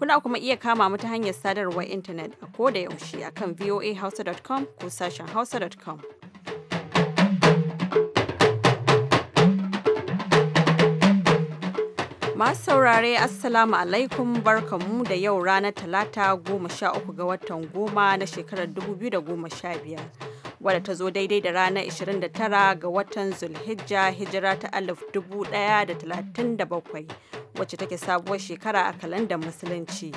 Kuna kuma iya kama mu ta hanyar sadarwar intanet a ko da yaushe a kan voahausa.com ko sashen hausa.com. Masu saurare Assalamu alaikum barkanmu da yau ranar Talata goma sha uku ga watan goma na shekarar goma sha 2015 wadda ta zo daidai da ranar tara ga watan Zulhijja hijira ta alif dubu da da talatin bakwai. wacce take sabuwar shekara a kalandar musulunci.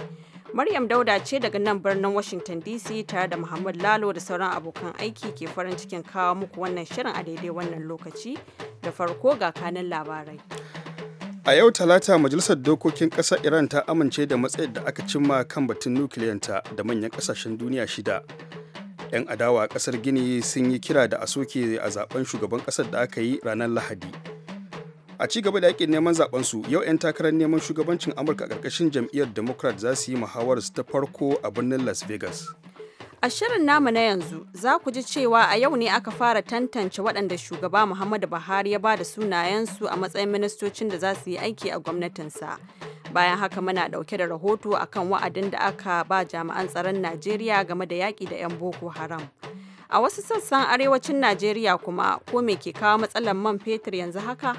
Maryam Dauda ce daga nan birnin Washington DC tare da Muhammad Lalo da sauran abokan aiki ke farin cikin kawo muku wannan shirin a daidai wannan lokaci da farko ga kanin labarai. A yau Talata Majalisar Dokokin Ƙasar Iran ta amince da matsayin da aka cimma kan batun nukiliyanta da manyan ƙasashen duniya shida. 'Yan adawa a ƙasar Gini sun yi kira da a soke a zaben shugaban ƙasar da aka yi ranar Lahadi. a ci gaba da yakin neman zaben su yau 'yan takarar neman shugabancin amurka karkashin jam'iyyar democrat za su yi muhawar su ta farko a birnin las vegas a shirin namu na yanzu za ku ji cewa a yau ne aka fara tantance waɗanda shugaba muhammadu buhari ya ba da sunayensu a matsayin ministocin da za su yi aiki a gwamnatinsa bayan haka muna ɗauke da rahoto akan wa'adin da aka ba jami'an tsaron najeriya game da yaƙi da 'yan boko haram a wasu sassan arewacin najeriya kuma ko me ke kawo matsalar man fetur yanzu haka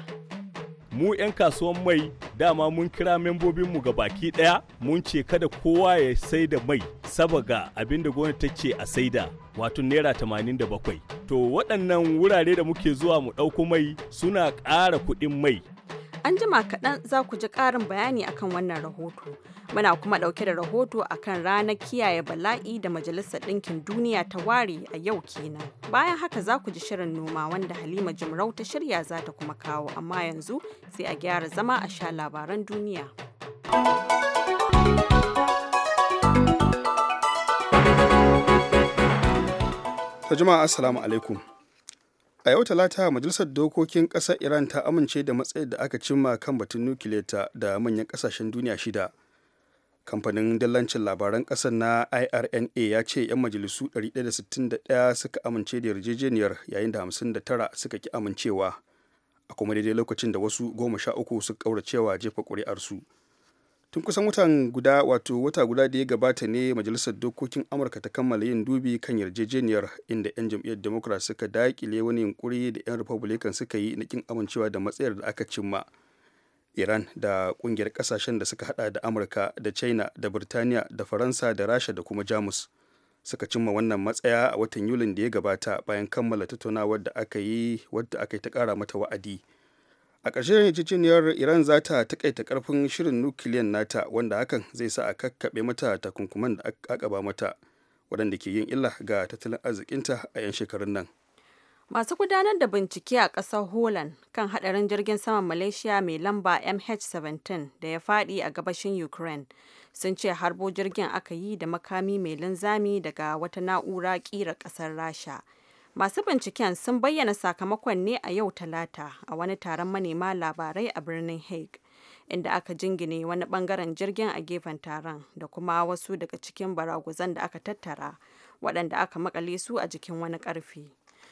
mu 'yan kasuwan mai dama mun kira membobinmu ga baki daya mun ce kada kowa ya sai da mai saboda abin da gwamnati ta ce a saida wato naira 87 to waɗannan wurare da muke zuwa mu ɗauko mai suna ƙara kuɗin mai An jima kaɗan za ku ji ƙarin bayani akan wannan rahoto. Muna kuma ɗauke da rahoto akan ranar kiyaye bala'i da Majalisar Ɗinkin Duniya ta ware a yau kenan. Bayan haka za ku ji shirin noma wanda Halima Jimrau ta shirya za ta kuma kawo amma yanzu sai a gyara zama a sha labaran duniya. jama'a assalamu alaikum a yau talata majalisar dokokin ƙasar iran ta amince da matsayin da aka cimma kan batun nukileta da manyan ƙasashen duniya shida kamfanin dillancin labaran ƙasar na irna ya ce 'yan majalisu 161 suka amince da yarjejeniyar yayin da 59 suka ki amincewa a kuma daidai lokacin da wasu goma sha uku suka ƙauracewa jefa ƙuri'arsu. su tun kusan watan guda wato wata guda da ya gabata ne majalisar dokokin amurka ta kammala yin dubi kan yarjejeniyar inda 'yan jam'iyyar democrat suka daƙile wani yunkuri da 'yan republican suka yi na kin amincewa da matsayar da aka cimma iran da kungiyar kasashen da suka hada da amurka da china da birtaniya da faransa da rasha da kuma jamus suka cimma wannan matsaya a watan yulin da ya gabata bayan kammala tattaunawar da aka yi wadda aka yi ta kara mata wa'adi a ƙarshen yarjejeniyar iran za ta taƙaita ƙarfin shirin nukiliyan nata wanda hakan zai sa a kakkaɓe mata takunkuman da aka ba mata waɗanda ke yin illa ga tattalin arzikinta a 'yan shekarun nan masu gudanar da bincike a ƙasar holland kan haɗarin jirgin saman malaysia mai lamba mh17 da ya faɗi a gabashin ukraine sun ce harbo jirgin aka yi da makami mai linzami daga wata na'ura ƙira ƙasar rasha Masu binciken sun bayyana sakamakon ne a yau Talata a wani taron manema labarai a birnin Hague, inda aka jingine wani bangaren jirgin a gefen taron da kuma wasu daga cikin baraguzan da aka tattara waɗanda aka makale su a jikin wani ƙarfi.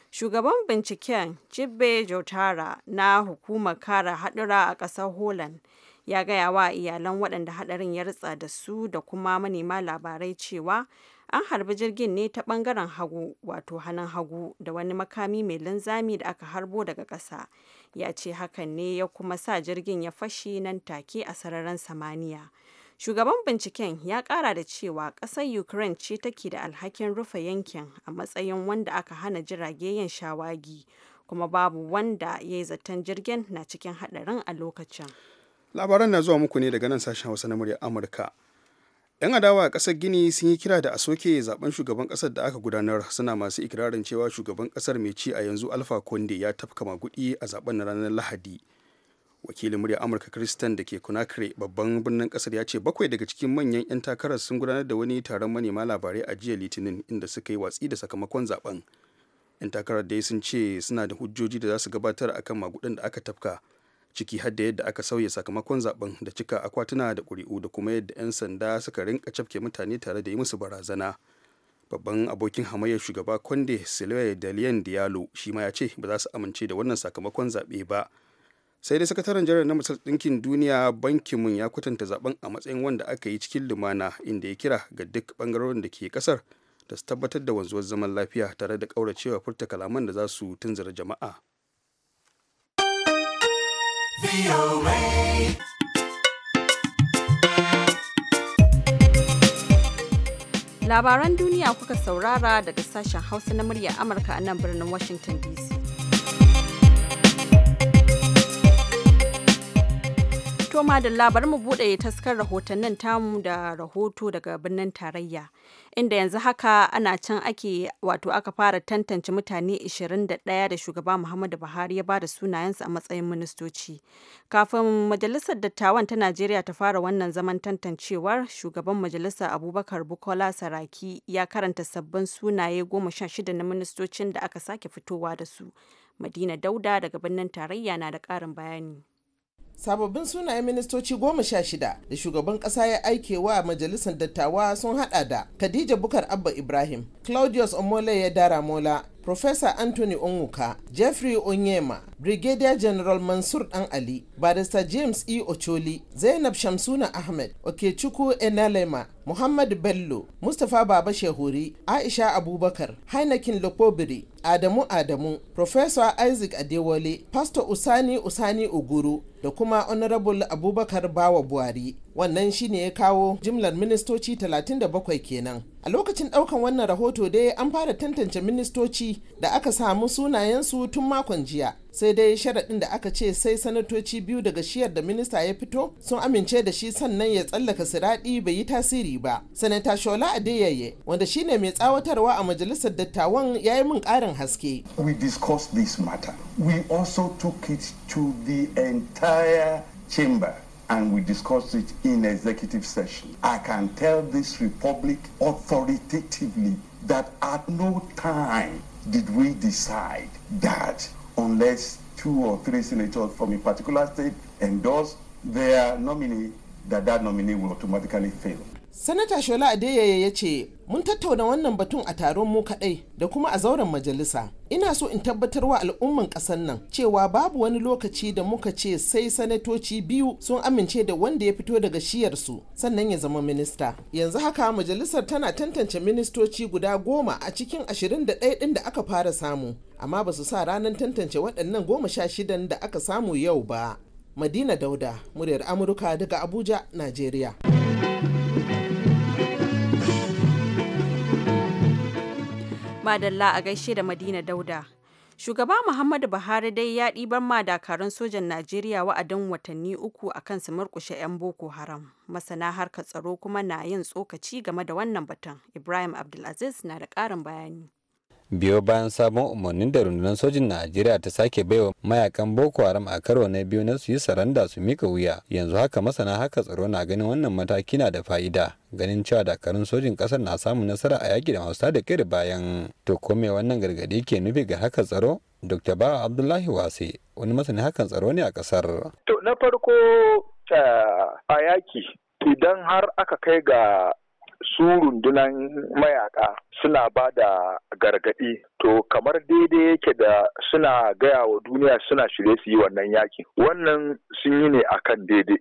Shugaban binciken Jibbe Jotara na hukumar kara haɗura a ƙasar Holland ya gaya wa iyalan waɗanda haɗarin ya da su da kuma manema labarai cewa an harbi jirgin ne ta bangaren hagu wato hannun hagu da wani makami mai linzami da aka harbo daga ƙasa ya ce hakan ne ya kuma sa jirgin ya fashi nan take a sararin samaniya shugaban binciken ya kara da cewa ƙasar ukraine ce take da alhakin rufe yankin a matsayin wanda aka hana jirage yin shawagi kuma babu wanda ya yi zaton jirgin na cikin haɗarin a lokacin labaran na zuwa muku ne daga nan sashen hausa na murya amurka 'yan adawa a kasar gini sun yi kira da a soke zaben shugaban ƙasar da aka gudanar suna masu ikirarin cewa shugaban ƙasar mai ci a yanzu alfa konde ya tafka magudi a zaben na ranar lahadi wakilin murya amurka kristan da ke conakry babban birnin ƙasar ya ce bakwai daga cikin manyan 'yan takarar sun gudanar da wani taron manema labarai a jiya litinin inda suka yi watsi da sakamakon zaben 'yan takarar dai sun ce suna da hujjoji da za su gabatar akan magudan da aka tafka ciki har da yadda aka sauya sakamakon zaben da cika akwatuna da ƙuri'u da kuma yadda 'yan sanda suka rinka cafke mutane tare da yi musu barazana babban abokin hamayyar shugaba konde silvain dalian diallo shi ma ya ce ba za su amince da wannan sakamakon zaɓe ba sai dai sakataren janar na masar ɗinkin duniya bankin mun ya kwatanta zaben a matsayin wanda aka yi cikin lumana inda ya kira ga duk bangarorin da ke kasar da su tabbatar da wanzuwar zaman lafiya tare da ƙauracewa furta kalaman da za su tunzura jama'a Labaran duniya kuka saurara daga sashen Hausa na murya Amurka a nan birnin Washington DC. ma da labar mu buɗe taskar rahotannin tamu da rahoto daga birnin tarayya. Inda yanzu haka ana can ake wato aka fara tantance mutane 21 da shugaba Muhammadu Buhari ya bada sunayensu a matsayin ministoci. Kafin majalisar dattawan ta Najeriya ta fara wannan zaman tantancewar shugaban majalisar Abubakar Bukola Saraki ya karanta sabbin sunaye goma shida na ministocin da aka sake fitowa da su. Madina Dauda daga birnin tarayya na da karin bayani. sababbin sunayen ministoci goma sha shida da shugaban kasa ya aike wa majalisar dattawa sun hada da khadija bukar abba ibrahim claudius omole ya dara mola Profesa Anthony Onwuka, Jeffrey Onyema, Brigadier General Mansur Dan Ali, Barista James E. Ocholi, Zainab Shamsuna Ahmed, Okechukwu Enalema, Muhammad Bello, Mustapha Baba Shehuri, Aisha Abubakar, Hainakin Lokobiri, Adamu Adamu, Professor Isaac Adewale, Pastor Usani Usani Uguru da kuma Honorable Abubakar Bawa Buhari. Wannan shine ya kawo jimlar ministoci 37 kenan. a lokacin daukan wannan rahoto dai an fara tantance ministoci da aka samu sunayensu tun makon jiya sai dai sharaɗin da aka ce sai sanatoci biyu daga shiyar da minista ya fito sun amince da shi sannan ya tsallaka siraɗi bai yi tasiri ba sanata shola adeyaye wanda shine mai tsawatarwa a majalisar dattawan ya yi min ƙarin haske we discussed this matter we also took it to the entire chamber and we discussed it in executive session. I can tell this republic authoritatively that at no time did we decide that unless two or three senators from a particular state endorse their nominee, that that nominee will automatically fail. sanata shola adeyeye ya ce mun tattauna wannan batun a taron mu kaɗai da kuma a zauren majalisa ina so in tabbatar wa al'umman ƙasar nan cewa babu wani lokaci da muka ce sai sanatoci biyu sun amince da wanda ya fito daga shiyarsu sannan ya zama minista yanzu haka majalisar tana tantance ministoci guda goma a cikin ashirin da ɗaya ɗin da aka fara samu amma ba su sa ranar tantance waɗannan goma sha shidan da aka samu yau ba madina dauda muryar amurka daga abuja najeriya Madalla a gaishe da Madina Dauda. Shugaba Muhammadu Buhari dai ya ɗibar ma dakarun sojan Najeriya wa'adin watanni uku a kan su murƙushe 'yan Boko Haram. Masana harkar tsaro kuma na yin tsokaci game da wannan batun. Ibrahim Abdulaziz na da ƙarin bayani. biyo bayan sabon umarnin da rundunar sojin najeriya ta sake baiwa mayakan boko haram a karo na biyu na su yi saranda su mika wuya yanzu haka masana haka tsaro na ganin wannan mataki na da fa'ida ganin cewa dakarun sojin kasar na samun nasara a yaki da masu da kiri bayan to ko me wannan gargadi ke nufi ga haka tsaro dr bawa abdullahi wase wani masani hakan tsaro ne a kasar to na farko eh, a yaki idan har aka kai ga su rundunan mayaka suna ba da gargaɗi to kamar daidai yake da suna gaya wa duniya suna shirye su yi wannan yaki wannan sun yi ne akan daidai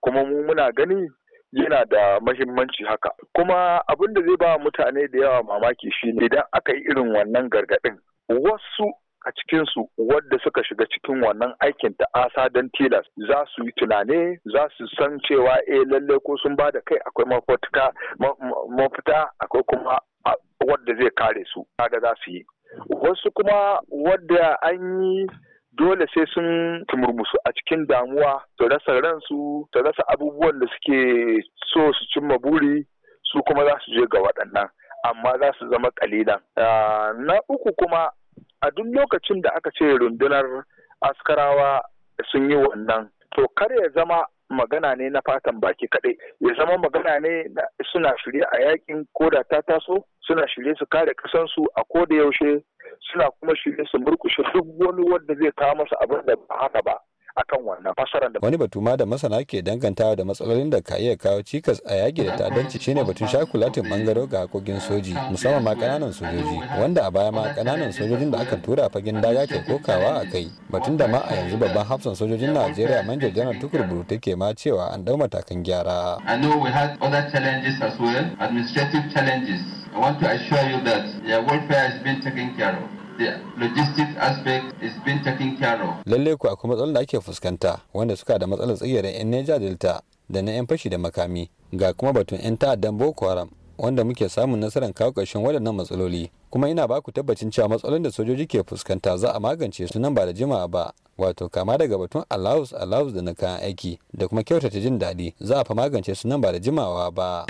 kuma mu muna gani yana da mahimmanci haka kuma abin da zai ba mutane da yawa mamaki shine idan aka yi irin wannan gargaɗin wasu a cikinsu wadda suka shiga cikin wannan aikin ta'asa don tilas za su yi tunane za su san cewa eh lalle ko sun ba da kai akwai mafita akwai kuma wadda zai kare su kaga za su yi wasu kuma wadda an yi dole sai sun tumurmusu a cikin damuwa su rasa ransu su rasa abubuwan da suke so su cimma buri su kuma za su je ga waɗannan amma za su zama ƙalilan. Ah, na uku kuma a duk lokacin da aka ce rundunar askarawa sun yi wannan to kar ya zama magana ne na fatan baki kaɗai ya zama magana ne suna shirye a yakin koda ta taso suna shirye su kare kasansu a ko da yaushe suna kuma shirye su murkushe duk wani wanda zai kawo masa abin da ba haka ba akan wannan da wani batu ma da masana ke dangantawa da matsalolin da ka iya kawo cikas a yaki da ta'addanci shine batun shakulatin mangaro ga hakokin soji musamman ma kananan sojoji wanda a baya ma kananan sojojin da aka tura fagen daga ke kokawa a kai batun da ma a yanzu babban hafsan sojojin Najeriya manje Janar Tukur buru ke ma cewa an dau matakan gyara I know want to assure you that your welfare has been taken care of the logistic aspect is being taken care of. Lalle ku akwai matsalar da ake fuskanta wanda suka da matsalar tsigirin 'yan Niger Delta da na 'yan fashi da makami ga kuma batun 'yan ta'addan Boko Haram wanda muke samun nasarar kawo ƙarshen waɗannan matsaloli. kuma ina baku tabbacin cewa matsalolin da sojoji ke fuskanta za a magance su nan ba da jimawa ba wato kama daga batun allows allows da na kayan aiki da kuma kyautata jin daɗi za a fa magance su nan ba da jimawa ba.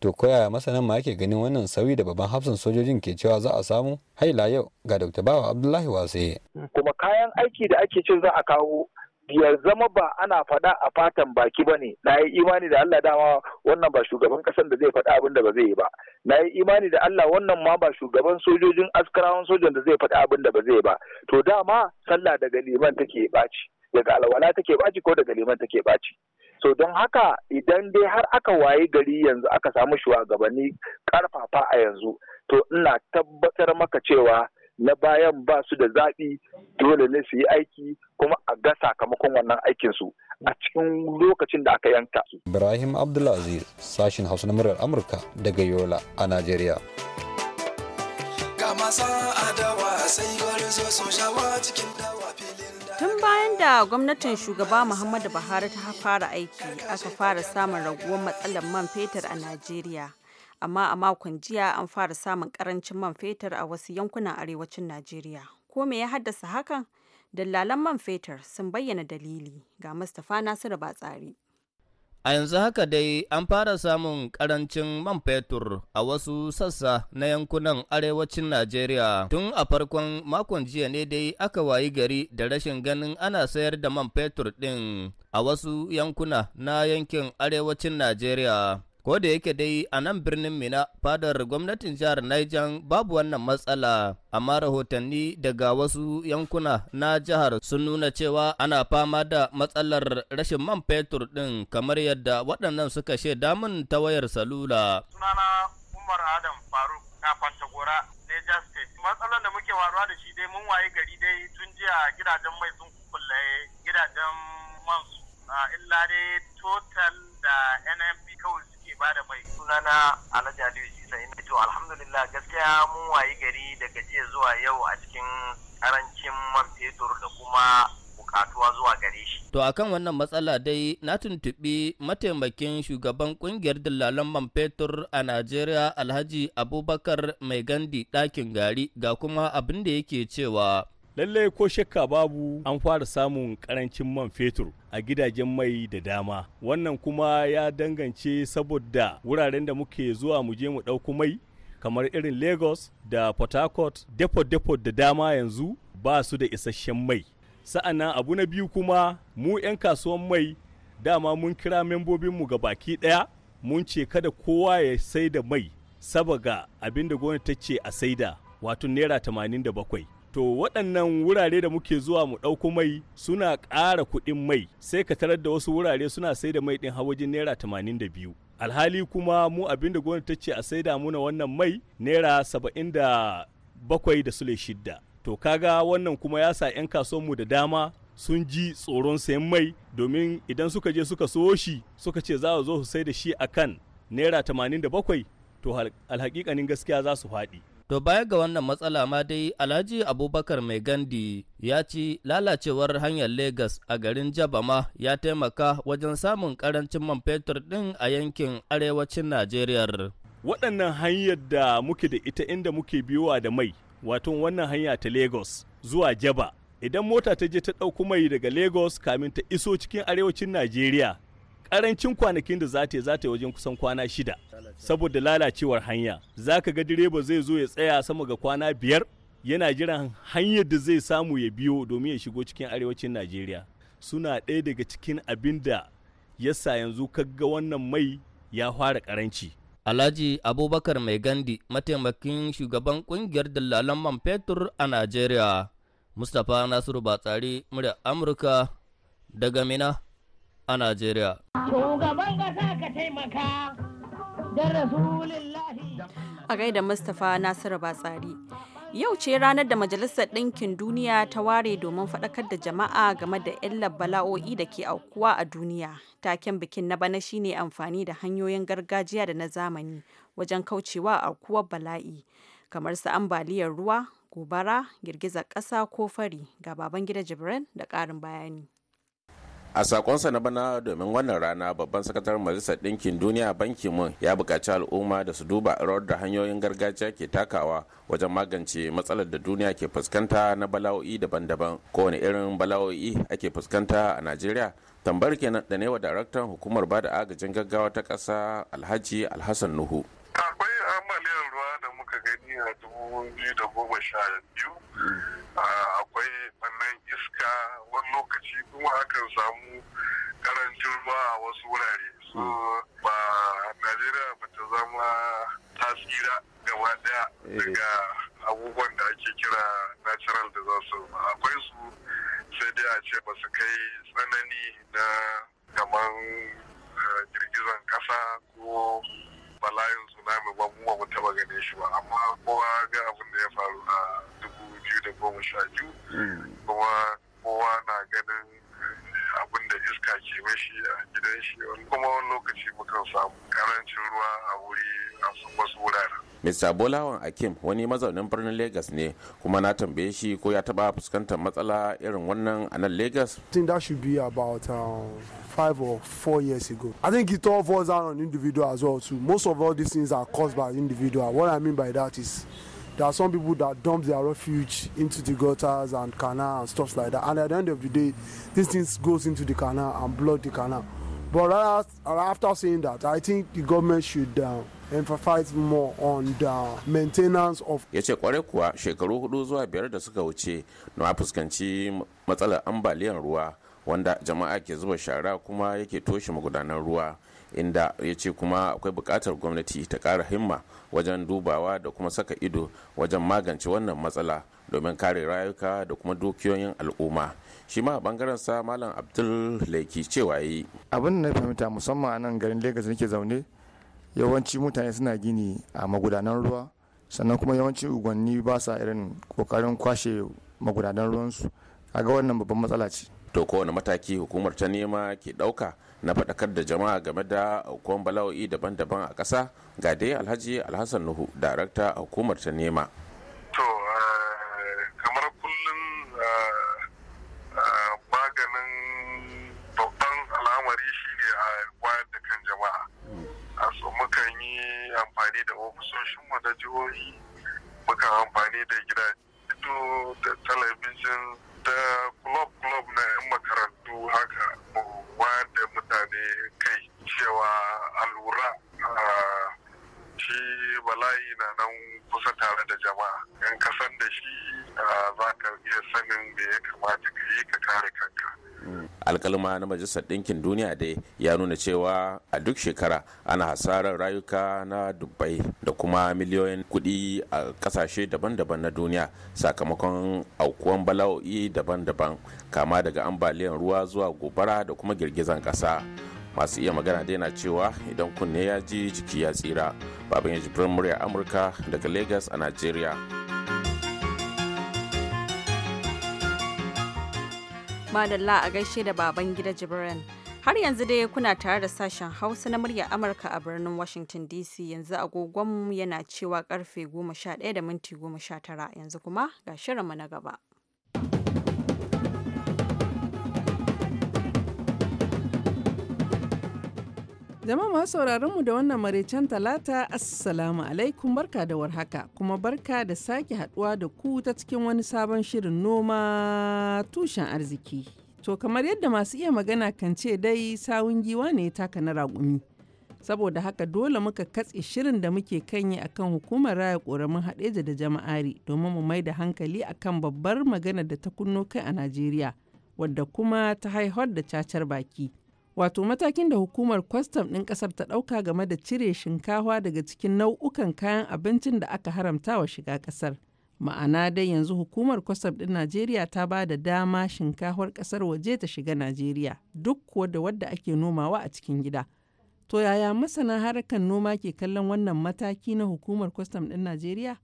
To koya masanan ma ake ganin wannan sauyi da babban hafsan sojojin ke cewa za a samu? Haila yau ga Dr. Bawa Abdullahi Wase. Kuma kayan aiki da ake ce za a kawo ya zama ba ana faɗa a fatan baki ba ne na yi imani da Allah dama wannan ba shugaban kasan da zai faɗa abin da ba zai yi ba na yi imani da Allah wannan ma ba shugaban sojojin askarawan sojan da zai faɗa abin da ba zai yi ba to dama sallah daga liman take ɓaci daga alwala take ɓaci ko daga liman take ɓaci so don haka idan dai har aka waye gari yanzu aka samu shugabanni karfafa a yanzu to ina tabbatar maka cewa na bayan ba su da zaɓi dole ne su yi aiki kuma a ga sakamakon wannan aikin su a cikin lokacin da aka yanka su. Ibrahim Abdulaziz sashin Hausa na murar Amurka daga Yola a Najeriya. Tun bayan da gwamnatin shugaba Muhammadu Buhari ta fara aiki aka fara samun raguwar matsalar man fetur a Najeriya. amma a makon jiya an fara samun karancin man fetur a wasu yankunan arewacin Najeriya. Ko me ya haddasa hakan? Dallalan man fetur sun bayyana dalili ga Mustapha Nasiru Batsari. A yanzu haka dai an fara samun karancin man fetur a wasu sassa na yankunan arewacin Najeriya. Tun a farkon makon jiya ne dai aka wayi gari da rashin ganin ana sayar da man fetur ɗin a wasu yankuna na yankin arewacin Najeriya. Ko da yake dai a nan birnin Mina fadar gwamnatin jihar Niger babu wannan matsala, amma rahotanni daga wasu yankuna na jihar sun nuna cewa ana fama da matsalar rashin man fetur din, kamar yadda waɗannan suka she damun ta wayar salula. Sunana Umar Adam Faruk na fantagora Niger State. Matsalar da muke waruwa da shi dai mun waye gari dai tun jiya gidajen mai sun kulle gidajen man su. Ah, illa dai total da NMP kawai bada mai sunana Alhaji Aliyu Isa ina to alhamdulillah gaskiya mun wayi gari daga jiya zuwa yau a cikin karancin man fetur da kuma bukatuwa zuwa gare shi. To akan wannan matsala dai na tuntuɓi mataimakin shugaban kungiyar dillalan man fetur a Najeriya Alhaji Abubakar Mai Gandi ɗakin gari ga kuma abin da yake cewa. lallai ko shakka babu an fara samun karancin man fetur a gidajen mai da dama wannan kuma ya dangance saboda wuraren da muke zuwa mu je mu ɗauko mai kamar irin lagos da port harcourt depot depot da dama yanzu ba su da isasshen mai sa'annan abu na biyu kuma mu 'yan kasuwan mai dama mun kira membobinmu ga baki ɗaya mun ce kada kowa ya saida mai saboda abin da gwamnati ta ce a saida wato naira 87 to waɗannan wurare da muke zuwa mu ɗauko mai suna ƙara kuɗin mai sai ka tarar da wasu wurare suna sai da mai ɗin hawajin naira tamanin da biyu alhali kuma mu abin da gwamnati ta ce a sai da muna wannan mai naira saba'in da bakwai da sule shidda to kaga wannan kuma ya sa 'yan kasuwanmu da dama sun ji tsoron sayan mai domin idan suka je suka so shi suka ce za a zo su sai da shi akan naira tamanin da bakwai to alhaƙiƙanin gaskiya za su faɗi To baya ga wannan matsala ma dai Alhaji Abubakar Mai Gandi ya ci lalacewar hanyar Legas a garin Jabama ya taimaka wajen samun karancin man fetur ɗin a yankin arewacin Najeriya. Waɗannan hanyar da muke da ita inda muke biyowa da mai, wato wannan hanya ta Lagos zuwa Jaba. Idan mota ta je ta ɗauko mai daga Lagos kamin ta iso cikin arewacin Najeriya karancin kwanakin da za ta yi za ta yi wajen kusan kwana shida saboda lalacewar hanya za ka ga direba zai zo ya tsaya sama ga kwana biyar yana jiran hanyar da zai samu ya biyo domin ya shigo cikin arewacin najeriya suna ɗaya daga cikin abin da yasa yanzu kaga wannan mai ya fara karanci alhaji abubakar mai gandi mataimakin shugaban kungiyar dalalan man fetur a najeriya mustapha nasiru batsari murya amurka daga mina a Najeriya. Shugaban ƙasa ka taimaka da Rasulillahi. A gaida Mustapha Nasiru Batsari. Yau ce ranar da Majalisar Ɗinkin Duniya ta ware domin faɗakar da jama'a game da illar bala'o'i da ke aukuwa a duniya. Taken bikin na bana shine amfani da hanyoyin gargajiya da na zamani wajen kaucewa aukuwar bala'i, kamar su ambaliyar ruwa, gobara, girgizar ƙasa ko fari. Ga baban gida Jibran da ƙarin bayani. a sakonsa na bana domin wannan rana babban sakataren majalisar ɗinkin duniya bankin mun ya buƙaci al'umma da su duba rawar da hanyoyin gargajiya ke takawa wajen magance matsalar da duniya ke fuskanta na bala'o'i daban-daban kowane irin bala'o'i ake fuskanta a najeriya tambar kenan da wa daraktan hukumar bada agajin gaggawa ta ƙasa alhaji alhassan nuhu akwai ambaliyar ruwa miladiya goma sha biyu hmm. ah, akwai wannan iska wani lokaci kuma akan samu karancin ruwa a wasu wurare so hmm. ba najeriya ba ta zama tasira gaba daya eh. daga abubuwan da ake kira natural disaster akwai su sai dai a ce ba su kai tsanani na kaman eh, girgizan kasa ko bala'in tsunami ba mu ba taba gane shi ba amma kowa ga abin da ya faru a dubu biyu da goma sha biyu hmm. kuma kowa na ganin abin da iska ke mashi a gidan shi kuma wani lokaci mukan samu karancin ruwa a wuri a wasu wuraren Mr. Bolawan Akim wani mazaunin birnin Lagos ne kuma na tambaye shi ko ya taba fuskantar matsala irin wannan a nan Lagos. I think that should be about um, five or four years ago. I think it all falls down on individual as well too. Most of all these things are caused by individual. What I mean by that is there are some people that dump their refuge into the gutters and canal and stuff like that. And at the end of the day, these things goes into the canal and block the canal. But after saying that, I think the government should uh, emphasize more on the maintenance of ya ce kwarai kuwa shekaru hudu zuwa biyar da suka wuce na fuskanci matsalar ambaliyar ruwa wanda jama'a ke zuba shara kuma yake toshe magudanar ruwa inda ya ce kuma akwai bukatar gwamnati ta kara himma wajen dubawa da kuma saka ido wajen magance wannan matsala domin kare rayuka da kuma dukiyoyin al'umma shi ma bangaren sa malam abdul laiki cewa yi abin na fahimta musamman a nan garin lagos nake zaune yawanci mutane suna gini a magudanan ruwa sannan kuma yawanci ugwanni ba sa irin kokarin kwashe magudanan ruwansu a ga wannan babban matsala ce to kowane mataki hukumar ta nema ke dauka na faɗakar da jama'a game da aukuwan bala'o'i daban-daban a ƙasa ga dai alhaji alhassan nuhu darakta hukumar ta nema to amfani da mu na jihohi muka amfani da gida da talabijin da club-club na 'yan makarantu haka mu da mutane kai cewa alura shi bala'i na nan kusa tare da jama'a yan kasan da shi za ka iya sanin da ya kamata ka yi ka kare kanka alkalma na majalisar ɗinkin duniya dai ya nuna cewa a duk shekara ana hasarar rayuka na dubbai da kuma miliyoyin kuɗi a kasashe daban-daban na duniya sakamakon aukuwan bala'o'i daban-daban kama daga ambaliyar ruwa zuwa gobara da kuma girgizan ƙasa masu iya magana dai na cewa idan kunne ya ji jiki ya tsira baban ya jibrin murya amurka daga lagos a nigeria Madalla a gaishe da baban gida Jibran. Har yanzu dai kuna tare da sashen Hausa na murya Amurka a birnin Washington DC yanzu agogonmu yana cewa karfe 11 da minti 19 yanzu kuma ga shirinmu na gaba. Jama'a masu sauraronmu da wannan maraicen talata assalamu alaikum barka da warhaka kuma barka da sake haduwa da ku ta cikin wani sabon shirin noma tushen arziki. To kamar yadda masu iya magana kan ce dai sawun giwa ne ya taka na raƙumi. Saboda haka dole muka katse shirin da muke kan yi akan hukumar raya ƙoramin haɗeja da jama'ari domin mu mai da hankali akan babbar magana da ta kunno kai a Najeriya wadda kuma ta haihar da cacar baki. wato matakin da hukumar kwastam ɗin ƙasar ta ɗauka game da cire shinkawa daga cikin nau'ukan kayan abincin da aka haramta wa shiga ƙasar. Ma'ana dai yanzu hukumar kwastam ɗin Najeriya ta ba da dama shinkawar ƙasar waje ta shiga Najeriya duk kuwa da wadda ake nomawa a cikin gida. To yaya masana harkar noma ke kallon wannan mataki na hukumar kwastam ɗin Najeriya?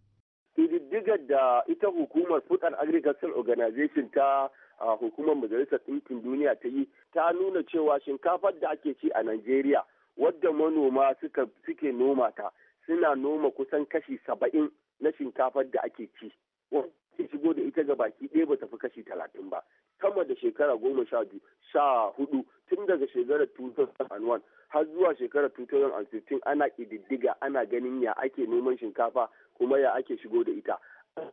Ƙididdigar da ita hukumar Food and Agriculture Organization ta A hukumar majalisar ɗinkin duniya ta yi ta nuna cewa shinkafar da ake ci a Najeriya wadda manoma suke noma ta suna noma kusan kashi saba'in na shinkafar da ake ci. Wanda shigo da ita ga baki ɗaya ba ta fi kashi talatin ba. Sama da shekara goma sha biyu sha hudu tun daga shekarar 2001 har zuwa shekarar 2015 ana ƙididdiga ana ganin ya ake noman shinkafa kuma ya ake shigo da ita.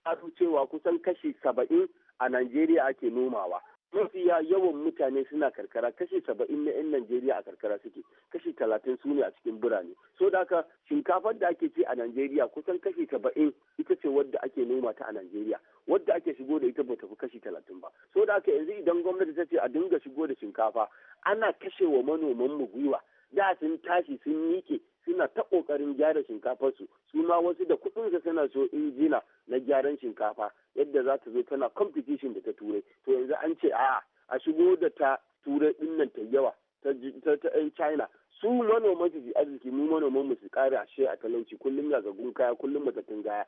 An cewa kusan kashi saba'in a Najeriya ake nomawa. mafiya yawan mutane suna karkara kashi saba'in na 'yan najeriya a karkara suke kashi talatin su ne a cikin birane so da haka shinkafar da ake ci a najeriya kusan kashi saba'in ita ce wadda ake noma ta a najeriya wadda ake shigo da ita ba tafi kashi talatin ba so da haka yanzu idan gwamnati ta ce a dinga shigo da shinkafa ana kashe wa manoman mu gwiwa da sun tashi sun mike suna ta kokarin gyara shinkafar su su ma wasu da kuɗin su suna so injina na gyaran shinkafa yadda za ta zo tana competition da ta turai to yanzu an ce a'a a shigo da ta turai ɗinnan ta yawa ta 'yan china su manoman su arziki mu manoman mu su kare ashe a talauci kullum ya zagun kaya kullum matattun gaya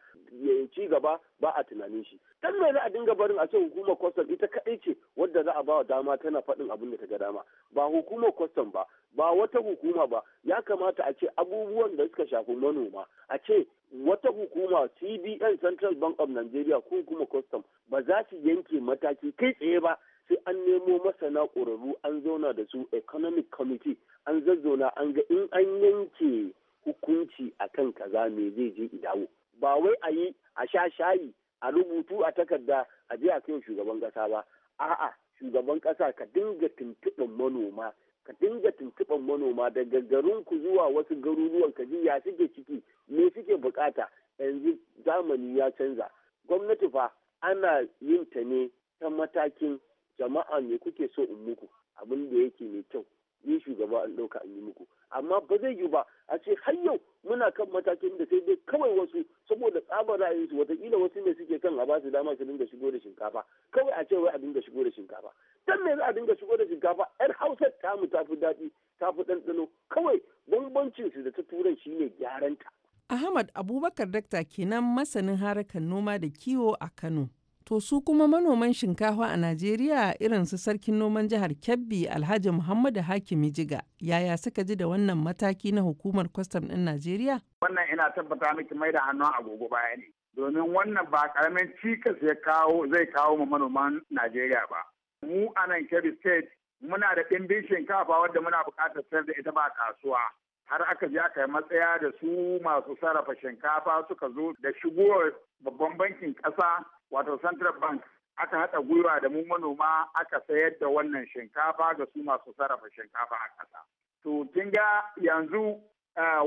ci gaba ba a tunanin shi dan me za a dinga barin a ce hukumar kwastam ita kaɗai ce wadda za a ba wa dama tana faɗin abin da ta ga dama ba hukumar kwastam ba ba wata hukuma ba ya kamata a ce abubuwan da suka shafi manoma a ce wata hukuma cbn central bank of nigeria ko hukumar kwastam ba za su yanke mataki kai tsaye ba sai an nemo masana ƙwararru an zauna da su economic committee an zazzauna an ga in an yanke hukunci a akan kaza me zai je idawo ba wai a yi a sha shayi a rubutu a takarda a je a kai shugaban ƙasa ba a'a shugaban ƙasa ka dinga tuntuɓin manoma ka dinga tuntuɓar manoma daga garinku zuwa wasu garuruwan ka ji ya suke ciki me suke bukata yanzu zamani ya canza gwamnati fa ana yin ta ne ta matakin jama'a me kuke so in muku abin da yake mai kyau ni shugaba an ɗauka an yi muku amma ba zai yi ba a ce har yau muna kan matakin da sai dai kawai wasu saboda tsabar ra'ayinsu watakila wasu ne suke kan a ba su dama su dinga shigo da shinkafa kawai a ce wai a dinga shigo da shinkafa dan me za a dinga shigo da shinkafa yar hausa tamu ta fi daɗi ta fi ɗanɗano kawai bambancin su da ta turai shine gyaranta. Ahmad Abubakar Dakta kenan masanin harakan noma da kiwo a Kano. To su kuma manoman shinkafa a Najeriya irin su sarkin noman jihar Kebbi Alhaji Muhammadu Hakimi Jiga yaya suka ji da wannan mataki na hukumar kwastam ɗin Najeriya? Wannan ina tabbata miki mai da a agogo baya ne. Domin wannan ba karamin cikas ya kawo zai kawo ma manoman Najeriya ba. Mu a nan Kebbi State muna da ɗimbin shinkafa wadda muna buƙatar sayar da ita ba kasuwa. har aka je aka yi matsaya da su masu sarrafa shinkafa suka zo da shigowar babban bankin ƙasa wato central bank aka haɗa gwiwa da mu manoma aka sayar da wannan shinkafa ga su masu sarrafa shinkafa a ƙasa. To kin ga yanzu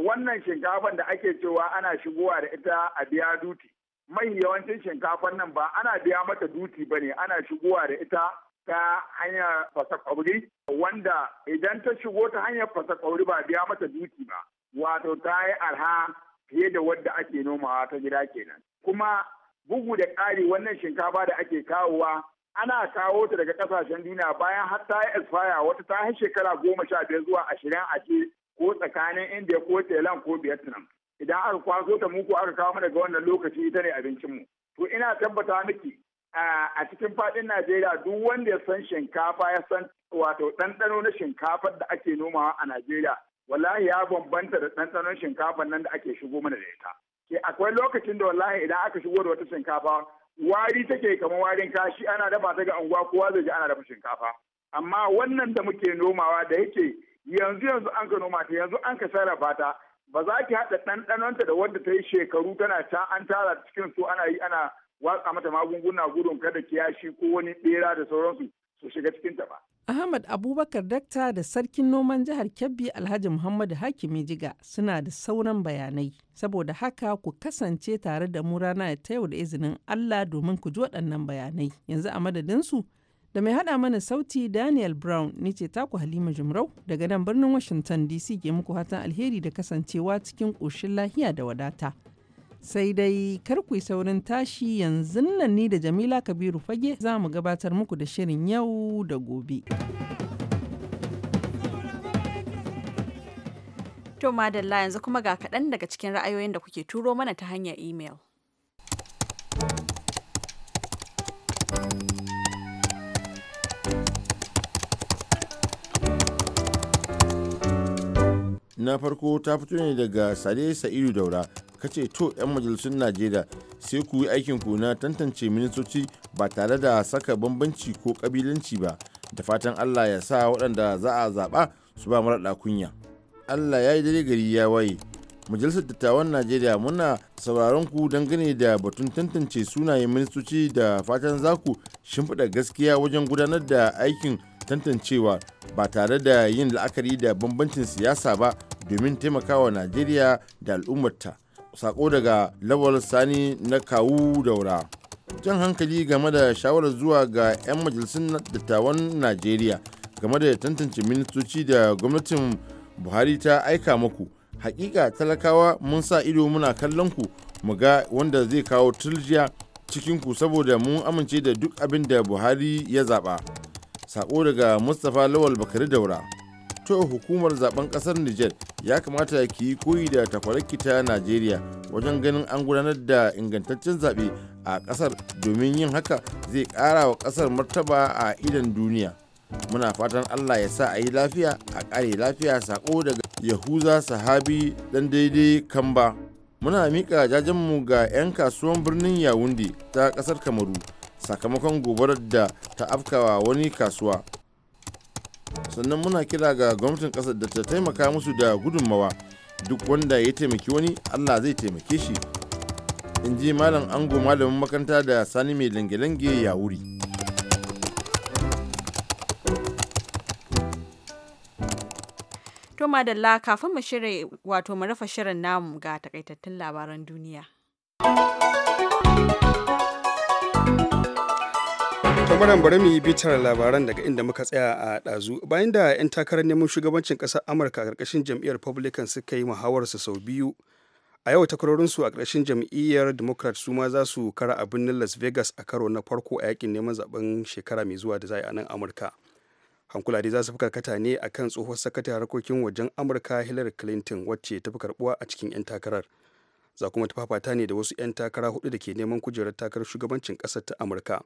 wannan shinkafan da ake cewa ana shigowa da ita a biya duti. Mai yawancin shinkafan nan ba ana biya mata duti ba ne ana shigowa da ita ta hanyar fasa wanda idan ta shigo ta hanyar fasa ba biya mata duti ba. Wato ta yi arha fiye da wadda ake nomawa ta gida kenan. Kuma bugu da ƙari wannan shinkafa da ake kawowa ana kawo ta daga ƙasashen duniya bayan har ta yi expire wata ta har shekara goma sha biyar zuwa ashirin a ce ko tsakanin india ko thailand ko vietnam idan aka kwaso ta muku aka kawo mana ga wannan lokaci ita ne abincinmu to ina tabbata miki a cikin faɗin najeriya duk wanda ya san shinkafa ya san wato ɗanɗano na shinkafar da ake nomawa a najeriya wallahi ya bambanta da ɗanɗanon shinkafar nan da ake shigo mana da ita akwai lokacin da wallahi idan aka shigo da wata shinkafa wari take kamar warin kashi ana dafa ta ga unguwa kowa zai ji ana dafa shinkafa amma wannan da muke nomawa da yake yanzu yanzu an ka noma ta yanzu an ka sarrafa ta ba za ki haɗa ɗanɗanonta da wanda ta yi shekaru tana ta an tara cikin su ana yi ana watsa mata magunguna gudun kada kiyashi ko wani ɓera da sauransu Ahmad Abubakar Dakta da Sarkin Noman Jihar Kebbi Alhaji Muhammadu Hakimi Jiga suna da sauran bayanai, saboda haka ku kasance tare da mu rana ta yau da izinin Allah domin ku ji waɗannan bayanai. Yanzu a madadinsu da mai haɗa mana sauti Daniel Brown ni ce taku Halima Jumrau daga nan birnin Washington DC ke muku hatan alheri da kasancewa cikin ƙoshin lahiya da wadata. Sai dai kar ku yi saurin tashi yanzu nan ni da Jamila Kabiru Fage za mu gabatar muku da shirin yau da gobe. To madalla yanzu kuma ga kaɗan daga cikin ra'ayoyin da kuke turo mana ta hanyar email. Na farko ta fito ne daga Sade Sa'idu Daura kace to 'yan majalisun najeriya sai ku yi aikin ku na tantance ministoci ba tare da saka bambanci ko kabilanci ba da fatan allah ya sa waɗanda za a zaɓa su ba mara kunya allah ya yi dare gari ya waye majalisar dattawan najeriya muna sauraron ku dangane da batun tantance sunayen ministoci da fatan za ku shimfiɗa gaskiya wajen gudanar da aikin tantancewa ba tare da yin la'akari da bambancin siyasa ba domin taimakawa najeriya da al'ummarta. sako daga lawal sani na kawu daura jan hankali game da shawarar zuwa ga 'yan majalisun dattawan najeriya game da tantance ministoci da gwamnatin buhari ta aika muku hakika talakawa mun sa ido muna kallon ku mu ga wanda zai kawo turjiya ku saboda mun amince da duk abin da buhari ya zaba sako daga mustapha lawal bakari daura to hukumar zaben kasar nijar ya kamata ki yi koyi da tafarki ta najeriya wajen ganin an gudanar da ingantaccen zaɓe a ƙasar domin yin haka zai ƙara wa ƙasar martaba a idan duniya muna fatan allah ya sa a yi lafiya a ƙare lafiya sako daga yahuza sahabi dan daidai kamba muna miƙa jajenmu ga 'yan kasuwan birnin yawundi ta ƙasar kamaru sakamakon gobarar da ta afkawa wani kasuwa sannan muna kira ga gwamnatin kasar da ta taimaka musu da gudunmawa duk wanda ya taimaki wani allah zai taimake shi in ji malam ango malamin makaranta da sani mai lange-lange ya wuri to madalla kafin mu shirya wato mu rufe shirin namu ga takaitattun labaran duniya lamarin bari mu yi bitar labaran daga inda muka tsaya a ɗazu bayan da 'yan takarar neman shugabancin ƙasar amurka a ƙarƙashin jam'iyyar republican suka yi su sau biyu a yau takwarorinsu a ƙarƙashin jam'iyyar democrat su ma za su kara a birnin las vegas a karo na farko a yakin neman zaɓen shekara mai zuwa da za a nan amurka hankula dai za su fi karkata ne a kan tsohuwar sakatar harkokin wajen amurka hillary clinton wacce ta fi karbuwa a cikin 'yan takarar za kuma ta fafata ne da wasu 'yan takara hudu da ke neman kujerar takarar shugabancin ƙasar ta amurka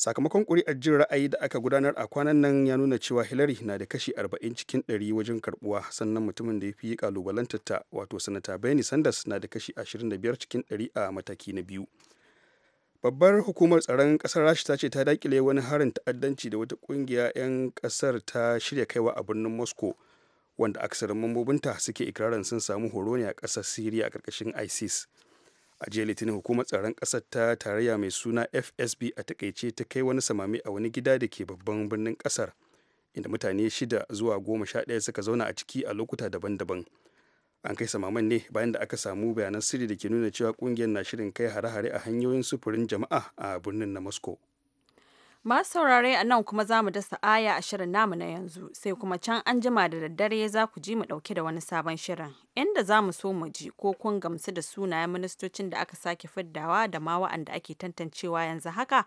sakamakon kuri'ar jin ra'ayi da aka gudanar a kwanan nan ya nuna cewa hillary na da kashi 40 cikin 100 wajen karbuwa sannan mutumin da ya fi kalubalantarta wato sanata bernie sanders na da kashi 25 cikin 100 a mataki na biyu babbar hukumar tsaron kasar rashi ta ce ta dakile wani harin ta'addanci da wata kungiya 'yan kasar ta shirya kaiwa a birnin moscow wanda aksarin mambobinta suke ikirarin sun samu horo ne a kasar syria a karkashin isis a jiya litinin hukumar tsaron ƙasar ta tarayya mai suna fsb a takaice ta kai wani samami a wani gida da ke babban birnin ƙasar inda mutane shida zuwa goma sha ɗaya suka zauna a ciki a lokuta daban-daban an kai samaman ne bayan da aka samu bayanan sirri da ke nuna cewa ƙungiyar na shirin kai hare-hare a hanyoyin sufurin jama'a a birnin na moscow Masu saurare a nan kuma za mu dasa aya a shirin namu na yanzu sai kuma can an jima da daddare za ku ji mu ɗauke da wani sabon shirin inda za mu so mu ji ko kun gamsu da sunayen ministocin da aka sake fiddawa da ma wa'anda ake tantancewa yanzu haka.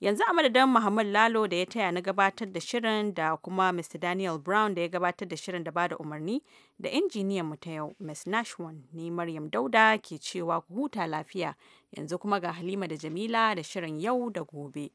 Yanzu a madadin Muhammad Lalo da ya taya na gabatar da shirin da kuma Mr. Daniel Brown da ya gabatar da shirin da ba da umarni da injiniyan mu ta yau Ms. Nashwan ni Maryam Dauda ke cewa ku huta lafiya yanzu kuma ga Halima da Jamila da shirin yau da gobe.